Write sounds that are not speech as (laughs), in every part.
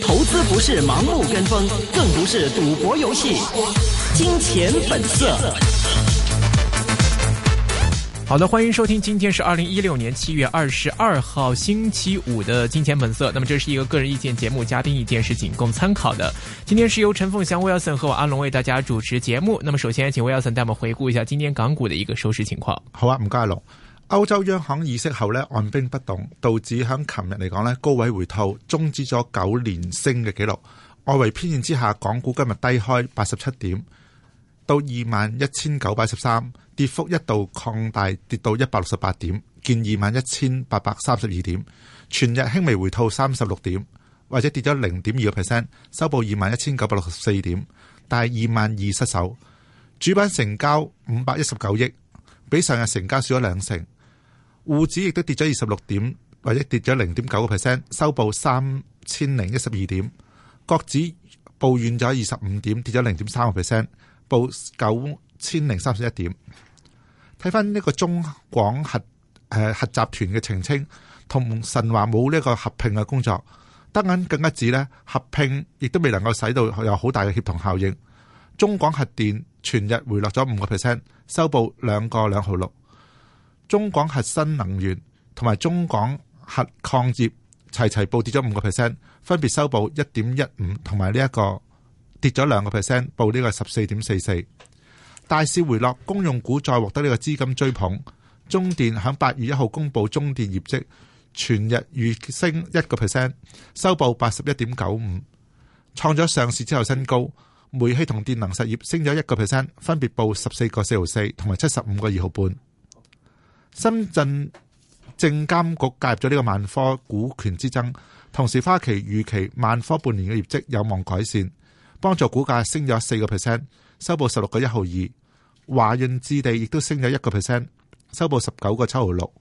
投資不是盲目跟風，更不是賭博遊戲。金錢本色。好的，歡迎收聽，今天是二零一六年七月二十二號星期五的《金錢本色》。那麼這是一個個人意見節目，嘉賓意見是僅供參考的。今天是由陳鳳祥 Wilson 和我阿龍為大家主持節目。那麼首先請 Wilson 帶我們回顧一下今天港股的一個收市情況。好啊，唔該，龍。歐洲央行議息後咧，按兵不動，導致喺琴日嚟講咧高位回吐，終止咗九連升嘅紀錄。外圍偏現之下，港股今日低開八十七點，到二萬一千九百一十三，跌幅一度擴大，跌到一百六十八點，見二萬一千八百三十二點。全日輕微回吐三十六點，或者跌咗零點二個 percent，收報二萬一千九百六十四點，但係二萬二失守。主板成交五百一十九億，比上日成交少咗兩成。滬指亦都跌咗二十六點，或者跌咗零點九個 percent，收報三千零一十二點。國指報軟咗二十五點，跌咗零點三個 percent，報九千零三十一點。睇翻呢個中廣核誒、啊、核集團嘅澄清，同神華冇呢個合併嘅工作，德銀更加指呢合併亦都未能夠使到有好大嘅協同效應。中廣核電全日回落咗五個 percent，收報兩個兩毫六。中港核新能源同埋中港核礦業齊齊暴跌咗五個 percent，分別收報一點一五同埋呢一個跌咗兩個 percent，報呢個十四點四四。大市回落，公用股再獲得呢個資金追捧。中電響八月一號公布中電業績，全日預升一個 percent，收報八十一點九五，創咗上市之後新高。煤氣同電能實業升咗一個 percent，分別報十四個四毫四同埋七十五個二毫半。深圳證監局介入咗呢個萬科股權之爭，同時花旗預期萬科半年嘅業績有望改善，幫助股價升咗四個 percent，收報十六個一毫二。華潤置地亦都升咗一個 percent，收報十九個七毫六。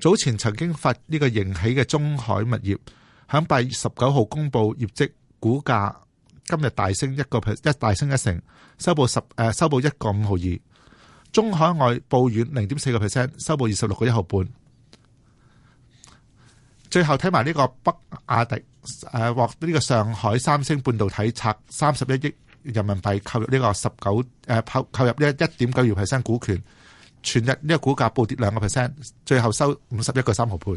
早前曾經發呢個盈喜嘅中海物業，響八月十九號公佈業績，股價今日大升一個一，大升一成，收報十誒，收報一個五毫二。中海外報軟零點四個 percent，收報二十六個一毫半。最後睇埋呢個比亞迪誒，獲、啊、呢個上海三星半導體斥三十一億人民幣、啊，購入呢個十九誒，購購入呢一點九二 percent 股權。全日呢個股價暴跌兩個 percent，最後收五十一個三毫半。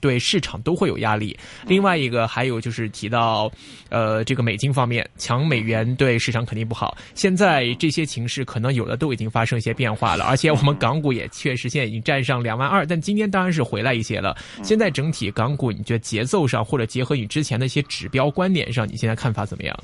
對市場都會有壓力。另外一個還有就是提到，呃，這個美金方面，搶美元對市場肯定不好。現在這些情勢可能有的都已經發生一些變化了，而且我們港股也確實現在已經站上兩萬二，但今天當然是回來一些了。現在整體港股，你覺得節奏上或者結合你之前的一些指標觀點上，你現在看法怎麼樣？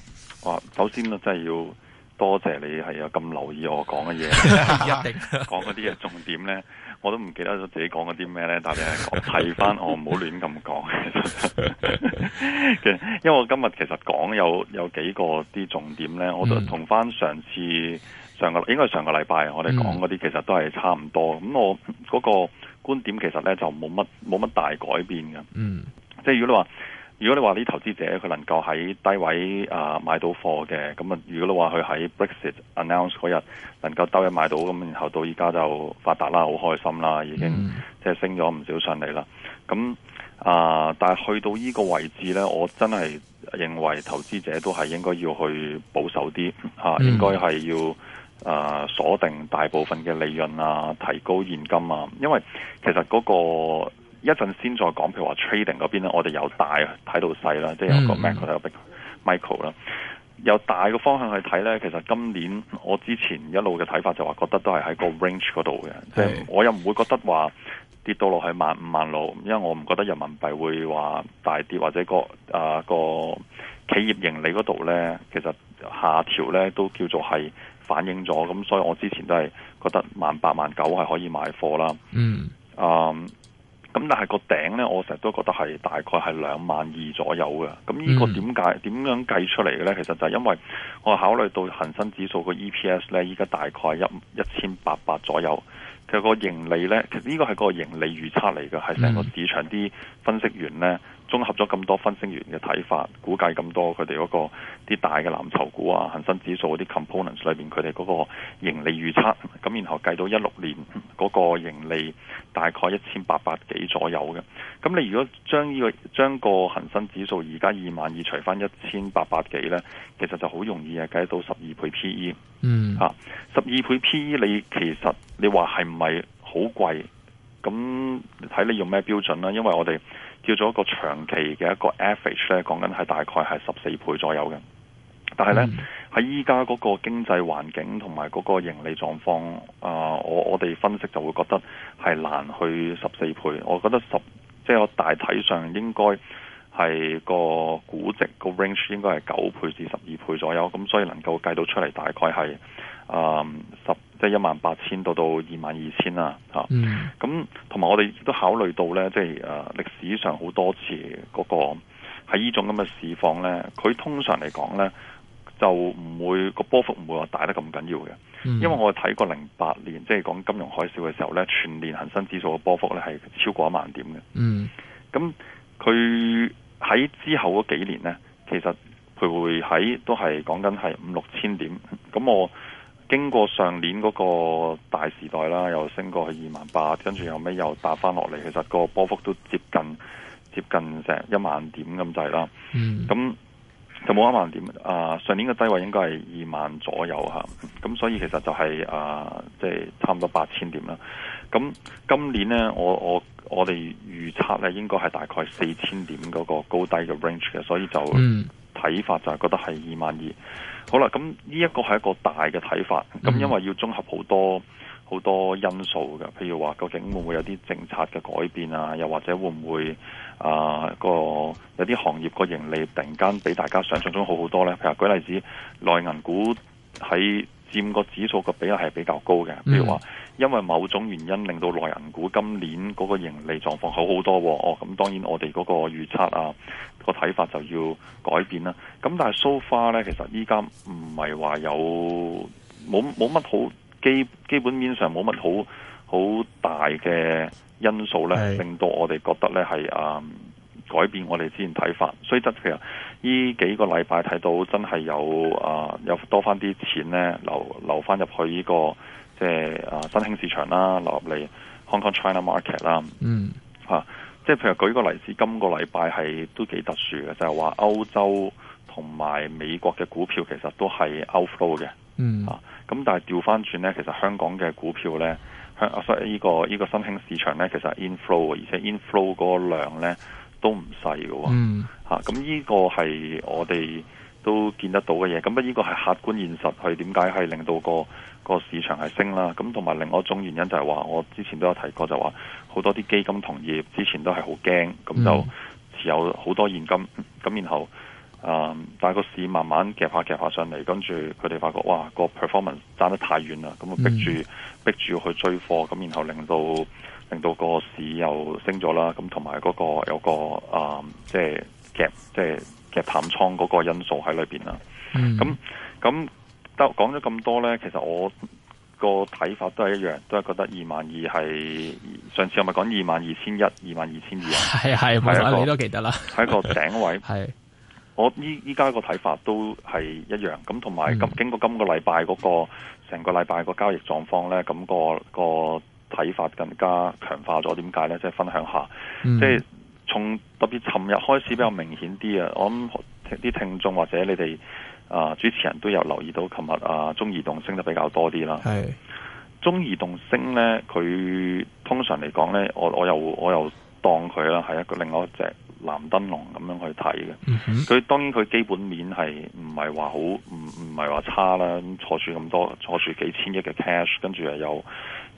哇，首先呢，真係要多謝你係有咁留意我講嘅嘢，一定講嗰啲嘢重點呢。我都唔記得咗自己講嗰啲咩呢。但係睇翻，我唔好亂咁講。 (laughs) 其實，因為我今日其實講有有幾個啲重點呢。我都同翻上次上個應該上個禮拜我哋講嗰啲，其實都係差唔多。咁 (laughs) 我嗰個觀點其實呢，就冇乜冇乜大改變嘅。嗯， (laughs) 即係如果你話。如果你話啲投資者佢能夠喺低位啊、呃、買到貨嘅，咁啊，如果你話佢喺 Brexit announce 嗰日能夠第一買到，咁然後到依家就發達啦，好開心啦，已經、mm. 即係升咗唔少上嚟啦。咁啊、呃，但係去到依個位置咧，我真係認為投資者都係應該要去保守啲吓、啊，應該係要啊、呃、鎖定大部分嘅利潤啊，提高現金啊，因為其實嗰、那個。一陣先再講，譬如話 trading 嗰邊咧，我哋、嗯、由大睇到細啦，即係有個 macro 啦，由大個方向去睇咧，其實今年我之前一路嘅睇法就話覺得都係喺個 range 嗰度嘅，即係、嗯、我又唔會覺得話跌到落去萬五萬六，因為我唔覺得人民幣會話大跌，或者個啊個企業盈利嗰度咧，其實下調咧都叫做係反映咗，咁所以我之前都係覺得萬八萬九係可以買貨啦，嗯，啊。Um, 咁但係個頂咧，我成日都覺得係大概係兩萬二左右嘅。咁、mm. 呢個點解點樣計出嚟嘅咧？其實就係因為我考慮到恒生指數個 EPS 咧，依家大概一一千八百左右。其實個盈利咧，其實呢個係個盈利預測嚟嘅，係成、mm. 個市場啲分析員咧。綜合咗咁多分析員嘅睇法，估計咁多佢哋嗰個啲大嘅藍籌股啊、恒生指數嗰啲 components 裏邊，佢哋嗰個盈利預測，咁然後計到一六年嗰個盈利大概一千八百幾左右嘅。咁你如果將呢個將個恆生指數而家二萬二除翻一千八百幾呢，其實就好容易啊計到十二倍 PE。嗯啊，十二倍 PE 你其實你話係唔係好貴？咁睇你，你用咩標準啦，因為我哋。叫做一個長期嘅一個 average 咧，講緊係大概係十四倍左右嘅。但係咧，喺依家嗰個經濟環境同埋嗰個盈利狀況啊、呃，我我哋分析就會覺得係難去十四倍。我覺得十，即係我大體上應該係個估值個 range 應該係九倍至十二倍左右。咁所以能夠計到出嚟，大概係啊十。呃即係一萬八千到到二萬二千啦，嚇、mm. 啊。咁同埋我哋都考慮到呢，即係誒歷史上好多次嗰、嗰個喺呢種咁嘅市況呢，佢通常嚟講呢，就唔會個波幅唔會話大得咁緊要嘅，mm. 因為我睇過零八年即係講金融海嘯嘅時候呢，全年恒生指數嘅波幅呢係超過一萬點嘅。嗯，咁佢喺之後嗰幾年呢，其實佢會喺都係講緊係五六千點。咁我經過上年嗰個大時代啦，又升過去二萬八，跟住後屘又打翻落嚟，其實個波幅都接近接近成一萬點咁滯啦。咁、嗯、就冇一萬點啊、呃！上年嘅低位應該係二萬左右吓，咁所以其實就係、是、啊，即、呃、係、就是、差唔多八千點啦。咁今年呢，我我我哋預測呢應該係大概四千點嗰個高低嘅 range 嘅，所以就嗯。睇法就係覺得係二萬二，好啦，咁呢一個係一個大嘅睇法，咁因為要綜合好多好多因素嘅，譬如話究竟會唔會有啲政策嘅改變啊，又或者會唔會啊、呃那個有啲行業個盈利突然間比大家想像中好好多呢？譬如話舉例子，內銀股喺佔個指數嘅比例係比較高嘅，譬如話，因為某種原因令到內銀股今年嗰個盈利狀況好好多哦，哦，咁當然我哋嗰個預測啊、個睇法就要改變啦。咁但係，so far 咧，其實依家唔係話有冇冇乜好基基本面上冇乜好好大嘅因素咧，是令到我哋覺得咧係啊。改變我哋之前睇法，所以得其實呢幾個禮拜睇到真係有啊、呃、有多翻啲錢咧，流流翻入去呢、這個即係啊新興市場啦，流入嚟 Hong Kong China Market 啦，嗯嚇、啊，即係譬如舉個例子，今個禮拜係都幾特殊嘅，就係、是、話歐洲同埋美國嘅股票其實都係 outflow 嘅，嗯啊，咁但係調翻轉咧，其實香港嘅股票咧，香、啊、所以依、這個依、這個新興市場咧，其實係 inflow 嘅，而且 inflow 嗰個量咧。都唔細嘅喎，嚇、嗯！咁呢、啊這個係我哋都見得到嘅嘢，咁啊呢個係客觀現實，係點解係令到個個市場係升啦？咁同埋另外一種原因就係話，我之前都有提過就，就話好多啲基金同業之前都係好驚，咁、嗯嗯、就持有好多現金，咁、嗯、然後啊、嗯，但係個市慢慢夾下夾下上嚟，跟住佢哋發覺哇個 performance 差得太遠啦，咁啊逼住逼住去追貨，咁然後令到。令到個市又升咗啦，咁同埋嗰個有個啊、呃，即係夾即係夾淡倉嗰個因素喺裏邊啦。咁咁得講咗咁多呢，其實我個睇法都係一樣，都係覺得二萬二係上次我咪講二萬二千一、二萬二千二啊。係係係，你都記得啦，係一個頂位。係 (laughs) 是我依依家個睇法都係一樣。咁同埋今經過今個禮拜嗰個成個禮拜個交易狀況咧，咁、嗰個個。個睇法更加強化咗，點解呢？即係分享下，即係從特別尋日開始比較明顯啲啊！我諗啲聽眾或者你哋啊、呃、主持人都有留意到，琴日啊中移動升得比較多啲啦。係是中移動升呢，佢通常嚟講呢，我我又我又當佢啦，係一個另外一隻。藍燈籠咁樣去睇嘅，佢、嗯、當然佢基本面係唔係話好，唔唔係話差啦。坐住咁多，坐住幾千億嘅 cash，跟住又有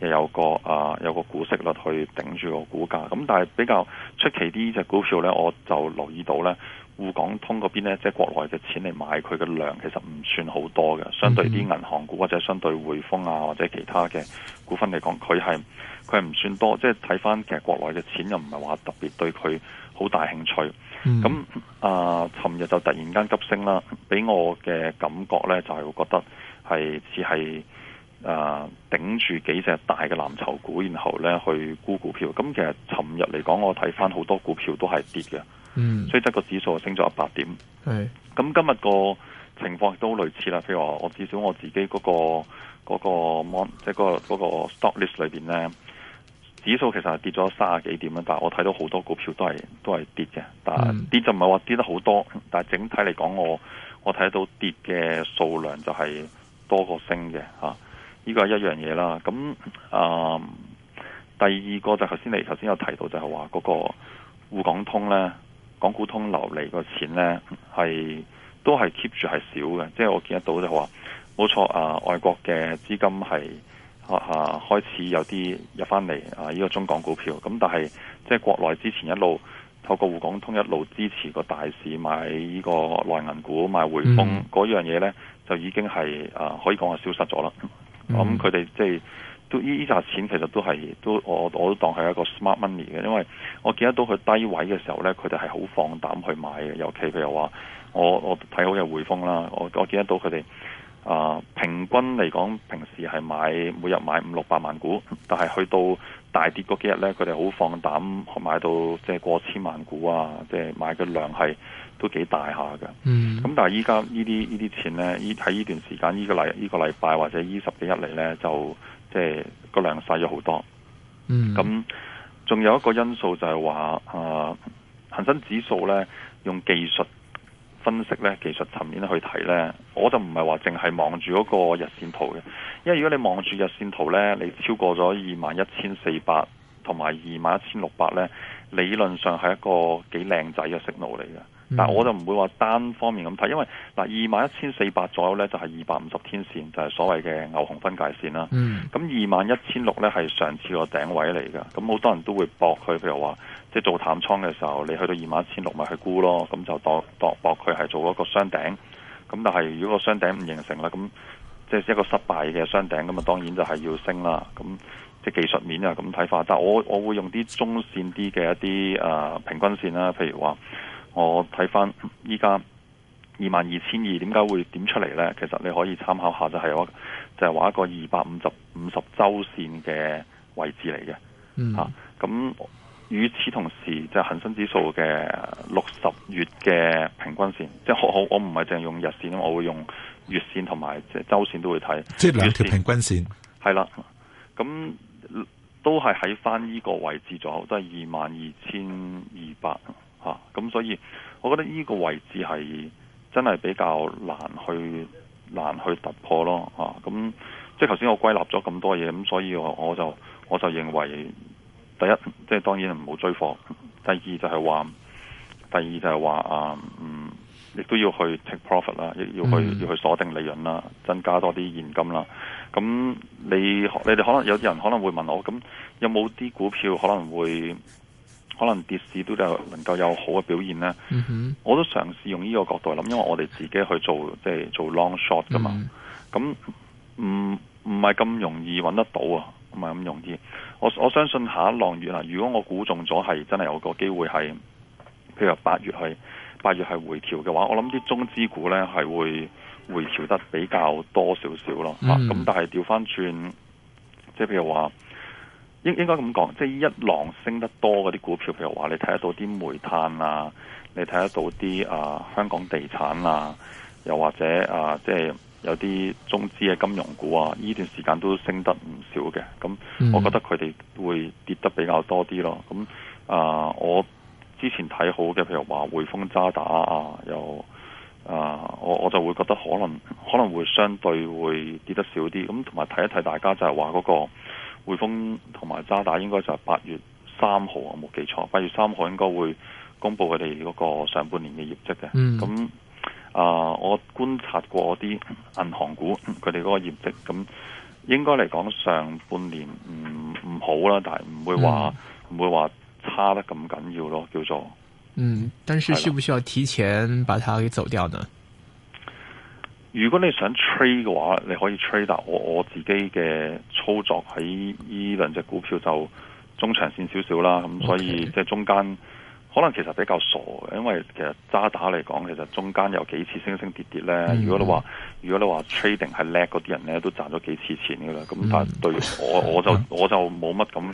又有個啊，有個股息率去頂住個股價。咁、嗯、但係比較出奇啲嘅、這個、股票呢，我就留意到呢，滬港通嗰邊呢，即係國內嘅錢嚟買佢嘅量其實唔算好多嘅。相對啲銀行股或者相對匯豐啊或者其他嘅股份嚟講，佢係佢係唔算多。即係睇返其實國內嘅錢又唔係話特別對佢。好大興趣，咁啊，呃、尋日就突然間急升啦，俾我嘅感覺呢，就係會覺得係似係啊頂住幾隻大嘅藍籌股，然後呢去沽股票。咁其實尋日嚟講，我睇翻好多股票都係跌嘅，嗯，所以即個指數就升咗一百點，係的。咁今日個情況亦都類似啦，譬如話，我至少我自己嗰、嗰個、嗰個嗰個、即係、嗰個嗰 stock list 裏邊咧。指數其實係跌咗三十幾點啦，但係我睇到好多股票都係都係跌嘅，但係跌就唔係話跌得好多，但係整體嚟講，我我睇到跌嘅數量就係多過升嘅嚇，呢、啊呢個係一樣嘢啦。咁啊，第二個就係頭先你頭先有提到就係話嗰個滬港通呢，港股通流嚟個錢呢，係都係 keep 住係少嘅，即、就、係、是、我見得到就係話冇錯啊，外國嘅資金係。啊啊！開始有啲入翻嚟啊！依、這個中港股票咁、嗯，但係即係國內之前一路透過滬港通一路支持個大市買呢個內銀股買匯豐嗰、嗯、哼樣嘢呢，就已經係啊可以講係消失咗啦。咁佢哋即係都依紮錢其實都係都我我都當係一個 smart money 嘅，因為我見得到佢低位嘅時候呢，佢哋係好放膽去買嘅。尤其譬如話，我我睇好嘅匯豐啦，我我，我見得到佢哋。啊，平均嚟講，平時係買每日買五六百萬股，但係去到大跌嗰幾日咧，佢哋好放膽買到即係過千萬股啊！即係買嘅量係都幾大下嘅。嗯，咁但係依家呢啲呢啲錢咧，依喺呢段時間呢、呢個禮呢、呢個禮拜或者呢十幾日嚟咧，就即係個量細咗好多。嗯，咁仲有一個因素就係話，啊恒生指數咧用技術。分析咧技術層面去睇咧，我就唔係話淨係望住嗰個日線圖嘅，因為如果你望住日線圖咧，你超過咗二萬一千四百同埋二萬一千六百咧，理論上係一個幾靚仔嘅信號嚟嘅。嗯、但係我就唔會話單方面咁睇，因為嗱二萬一千四百左右咧就係二百五十天線，就係、是、所謂嘅牛熊分界線啦。咁二萬一千六咧係上次個頂位嚟嘅，咁好多人都會博佢，譬如話。做淡倉嘅時候，你去到二萬一千六咪去沽咯，咁、嗯、就度度搏佢係做一個雙頂。咁、嗯、但係如果個雙頂唔形成咧，咁、嗯、即係一個失敗嘅雙頂咁啊、嗯，當然就係要升啦。咁、嗯、即係技術面啊，咁睇法。但係我我會用啲中線啲嘅一啲誒、呃、平均線啦。譬如話，我睇翻依家二萬二千二點解會點出嚟呢？其實你可以參考下，就係我就係話一個二百五十五十週線嘅位置嚟嘅、啊。嗯，咁。與此同時，就恆生指數嘅六十月嘅平均線，即係我我唔係淨係用日線，我會用月線同埋即係週線都會睇，即係兩條平均線，係啦，咁都係喺翻依個位置左，都係二萬二千二百嚇，咁所以，我覺得依個位置係真係比較難去難去突破咯嚇，咁、啊、即係頭先我歸納咗咁多嘢，咁所以我我就我就認為。第一，即係當然唔好追貨。第二就係話，第二就係話啊，嗯，亦都要去 take profit 啦，亦要去要去鎖定利潤啦，增加多啲現金啦。咁、嗯、你你哋可能有啲人可能會問我，咁有冇啲股票可能會可能跌市都就能夠有好嘅表現咧？嗯、哼我都嘗試用呢個角度嚟諗，因為我哋自己去做即係做 long short 噶嘛。咁唔唔係咁容易揾得到啊？唔係咁容易，我我相信下一浪月啦。如果我估中咗，係真係有個機會係，譬如八月係八月係回調嘅話，我諗啲中資股咧係會回調得比較多少少咯。咁但係調翻轉，即係譬如話，應應該咁講，即係一浪升得多嗰啲股票，譬如話你睇得到啲煤炭啊，你睇得到啲啊香港地產啊，又或者啊即係。有啲中資嘅金融股啊，呢段時間都升得唔少嘅，咁我覺得佢哋會跌得比較多啲咯。咁啊、呃，我之前睇好嘅，譬如話匯豐渣打啊，又啊、呃，我我就會覺得可能可能會相對會跌得少啲。咁同埋睇一睇大家就係話嗰個匯豐同埋渣打應該就係八月三號，我冇記錯，八月三號應該會公布佢哋嗰個上半年嘅業績嘅。咁、嗯啊、呃！我觀察過我啲銀行股，佢哋嗰個業績咁，應該嚟講上半年唔唔、嗯、好啦，但係唔會話唔、嗯、會話差得咁緊要咯，叫做嗯。但係需唔需要提前把它給走掉呢？如果你想 trade 嘅話，你可以 trade。但我我自己嘅操作喺呢兩隻股票就中長線少少啦，咁、嗯、所以 Okay. 即係中間。可能其實比較傻嘅，因為其實渣打嚟講，其實中間有幾次升升跌跌咧、嗯。如果你話如果你話 trading 係叻嗰啲人咧，都賺咗幾次錢噶啦。咁但係對我我就我就冇乜咁，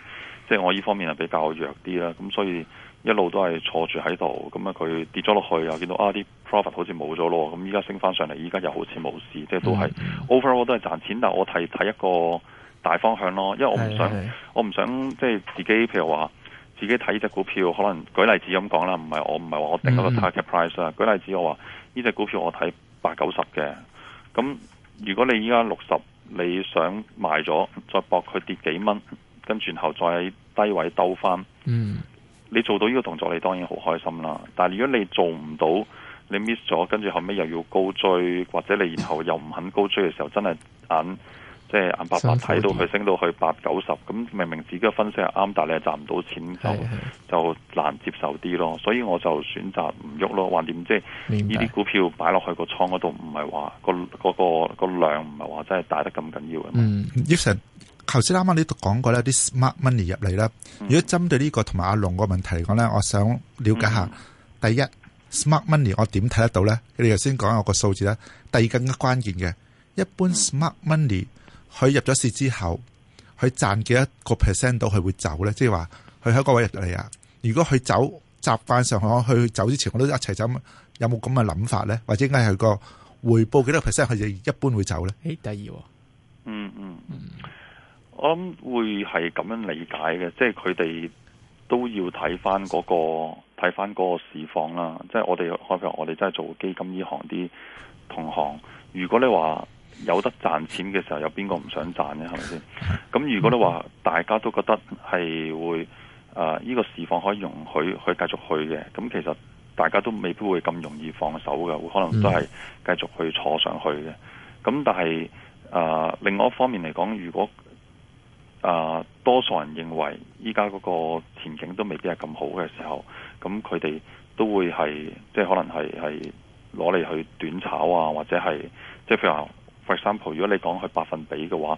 即係我依方面係比較弱啲啦。咁所以一路都係坐住喺度。咁啊佢跌咗落去，又見到啊啲 profit 好似冇咗咯。咁依家升翻上嚟，依家又好似冇事，即係都係、嗯、overall 都係賺錢。但係我睇睇一個大方向咯，因為我唔想我唔想即係自己譬如話。自己睇呢隻股票，可能舉例子咁講啦，唔係我唔係話我定嗰個 target price 啊。舉例子我話呢隻股票我睇八九十嘅，咁如果你依家六十，你想賣咗，再搏佢跌幾蚊，跟住然後再低位兜翻，嗯，你做到呢個動作你當然好開心啦。但係如果你做唔到，你 miss 咗，跟住後尾又要高追，或者你然後又唔肯高追嘅時候，真係即係眼白白睇到佢升到去八九十咁，明明自己嘅分析係啱，但係你賺唔到錢就的就難接受啲咯。所以我就選擇唔喐咯。話點即係呢啲股票擺落去個倉嗰度，唔係話個嗰、嗰個嗰個量唔係話真係大得咁緊要嘅。嗯 Joseph 頭先啱啱你講過咧，啲 smart money 入嚟咧。嗯、如果針對呢個同埋阿龍個問題嚟講咧，我想了解下、嗯、第一 smart money 我點睇得到咧？你哋頭先講我個數字咧。第二更加關鍵嘅，一般 smart money、嗯佢入咗市之後，佢賺幾多個 percent 到佢會走咧？即係話佢喺嗰位入嚟啊！如果佢走，習慣上去，去走之前，我都一齊走。有冇咁嘅諗法咧？或者係個回報幾多 percent，佢就一般會走咧？誒，第二，嗯嗯嗯，我諗會係咁樣理解嘅，即係佢哋都要睇翻嗰個睇翻嗰個市況啦。即係我哋，我譬如我哋真係做基金呢行啲同行，如果你話。有得賺錢嘅時候，有邊個唔想賺咧？係咪先？咁如果你話大家都覺得係會誒呢、呃這個市況，可以容許佢繼續去嘅，咁其實大家都未必會咁容易放手嘅，會可能都係繼續去坐上去嘅。咁但係誒、呃、另外一方面嚟講，如果誒、呃、多數人認為依家嗰個，前景都未必係咁好嘅時候，咁佢哋都會係即係可能係係攞嚟去短炒啊，或者係即係譬如話。For example, 如果你講係百分比嘅話，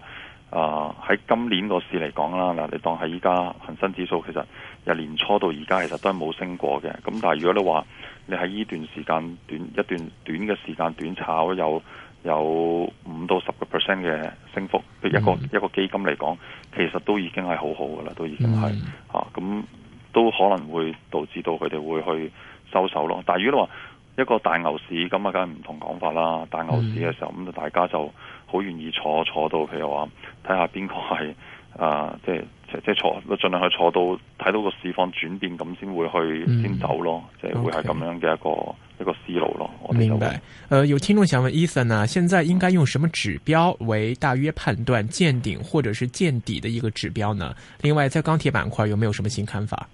啊、呃、喺今年個市嚟講啦，嗱你當係依家恒生指數其實由年初到而家其實都係冇升過嘅。咁但係如果你話你喺呢段時間短一段短嘅時間短炒有有五到十個 percent 嘅升幅，譬如一個、mm hmm. 一個基金嚟講，其實都已經係好好嘅啦，都已經係嚇，咁、mm hmm. 啊、都可能會導致到佢哋會去收手咯。但係如果你話，一個大牛市咁啊，梗係唔同講法啦。大牛市嘅時候，咁就大家就好願意坐坐到，譬如話睇下邊個係啊，即係即係坐，盡量去坐到睇到個市況轉變，咁先會去先走咯。嗯、即係會係咁樣嘅一個 Okay. 一個思路咯。我明白。誒、呃，有聽眾想問 Ethan 呢、啊、現在應該用什麼指標為大約判斷見頂或者是見底嘅一個指標呢？另外，在鋼鐵板塊有沒有什麼新看法？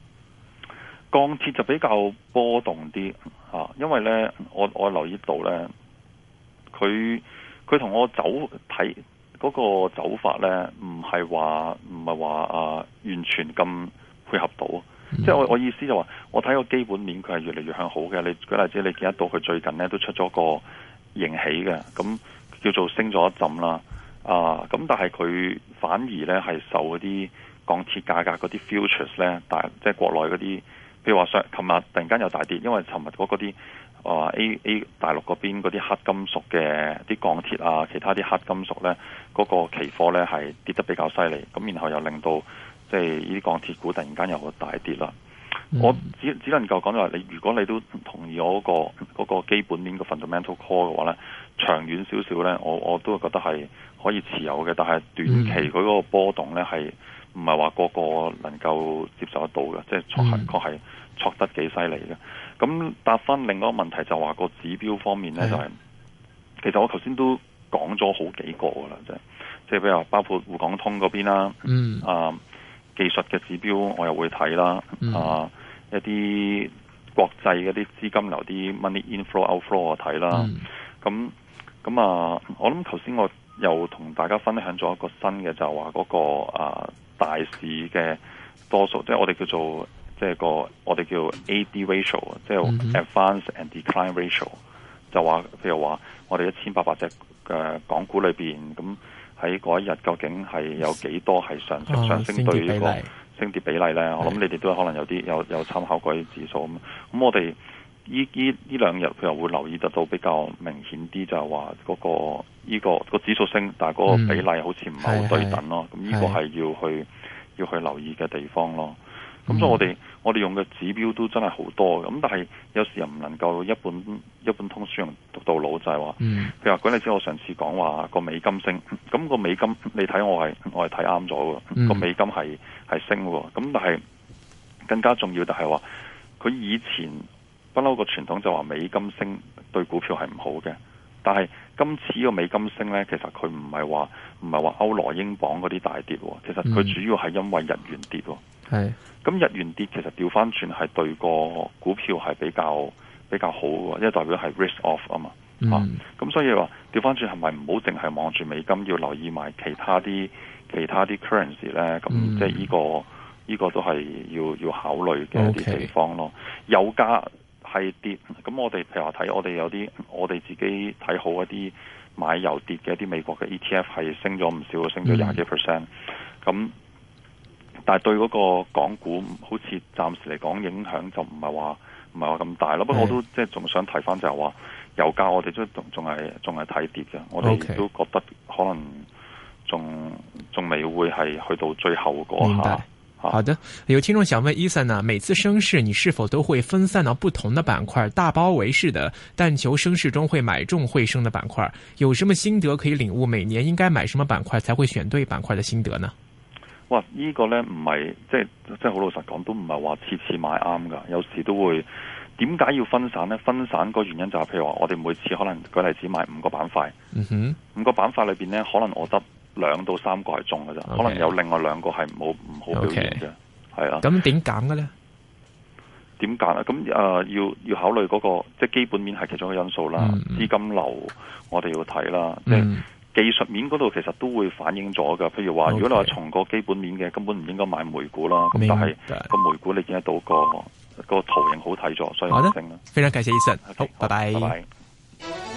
鋼鐵就比較波動啲嚇、啊，因為咧，我我留意到咧，佢佢同我走睇嗰個走法咧，唔係話唔係話啊完全咁配合到。嗯、即係我我意思就話、是，我睇個基本面佢係越嚟越向好嘅。你舉例子，你見得到佢最近咧都出咗個型起嘅，咁叫做升咗一陣啦。啊，咁但係佢反而咧係受嗰啲鋼鐵價格嗰啲 futures 咧，但係即係國內嗰啲。譬如話，上琴日突然間又大跌，因為琴日嗰啲啊 A A 大陸嗰邊嗰啲黑金屬嘅啲鋼鐵啊，其他啲黑金屬咧，嗰、嗰個期貨咧係跌得比較犀利，咁然後又令到即係呢啲鋼鐵股突然間又好大跌啦。嗯、我只只能夠講就話你，如果你都同意我嗰、嗰個嗰個基本面嘅 fundamental call 嘅話咧，長遠少少咧，我我都係覺得係可以持有嘅，但係短期佢嗰個波動咧係。唔係話個個能夠接受得到嘅，即係確係確係挫得幾犀利嘅。咁答翻另外一個問題就話、是、個指標方面咧，啊、就係、是、其實我頭先都講咗好幾個噶啦，即係即係，比如包括滬港通嗰邊啦，嗯啊，技術嘅指標我又會睇啦，嗯、啊一啲國際一啲資金流啲 money inflow outflow 我睇啦，咁咁、嗯、啊、啊，我諗頭先我又同大家分享咗一個新嘅，就話、是、嗰、那個啊。大市嘅多數，即係我哋叫做即係個我哋叫 AD ratio，即係 advance and decline ratio，就話譬如話我哋一千八百隻嘅港股裏邊，咁喺嗰一日，究竟係有幾多係上上升，對呢個升跌比例咧？哦、例我諗你哋都可能有啲有有參考過啲指數咁，咁我哋。呢呢呢兩日佢又會留意得到比較明顯啲，就係話嗰個呢、呢個、呢個指數升，但係嗰個比例好似唔係好對等咯。咁呢、嗯、個係要去是要去留意嘅地方咯。咁、嗯、所以我哋、嗯、我哋用嘅指標都真係好多。咁但係有時又唔能夠一本一本通書讀到老，就係話，譬如話，舉例子，我上次講話個美金升，咁個美金你睇我係我係睇啱咗嘅，個、嗯、美金係係升嘅。咁但係更加重要就係話，佢以前。不嬲個傳統就話美金升對股票係唔好嘅，但係今次個美金升咧，其實佢唔係話唔係話歐羅英鎊嗰啲大跌喎，其實佢主要係因為日元跌喎。咁、嗯、日元跌，其實調翻轉係對個股票係比較比較好嘅，因為代表係 risk off 啊嘛。嗯、啊，咁所以話調翻轉係咪唔好淨係望住美金，要留意埋其他啲其他啲 currency 咧？咁即係呢個呢、嗯、個都係要要考慮嘅一啲地方咯。okay. 有加。係跌，咁我哋譬如話睇，我哋有啲，我哋自己睇好一啲買油跌嘅一啲美國嘅 ETF 係升咗唔少，升咗廿幾 percent，咁但係對嗰個港股好似暫時嚟講影響就唔係話唔係話咁大咯。不過我都即係仲想提翻就係話，油價我哋都仲仲係仲係睇跌嘅，我哋都，Okay. 都覺得可能仲仲未會係去到最後嗰下。Mm hmm. 好的，有聽眾想問 Ethan 啊，每次升市，你是否都會分散到不同的板塊，大包圍式的？但求升市中會買中會升的板塊，有什麼心得可以領悟？每年應該買什麼板塊才會選對板塊的心得呢？哇，呢、這個呢，唔係即係真係好老實講，都唔係話次次買啱噶，有時都會。點解要分散呢？分散個原因就係，譬如話我哋每次可能舉例子買五個板塊，嗯哼，五個板塊裏邊呢，可能我得。兩到三個係中嘅咋可能有另外兩個係唔好唔好表現嘅，係啊。咁點揀嘅咧？點揀咧？咁誒要要考慮嗰個即係基本面係其中一個因素啦，資金流我哋要睇啦，即係技術面嗰度其實都會反映咗㗎。譬如話，如果你話從個基本面嘅根本唔應該買美股啦，咁但係個美股你見得到個個圖形好睇咗，所以好得啦。非常感謝，醫生，好，拜拜。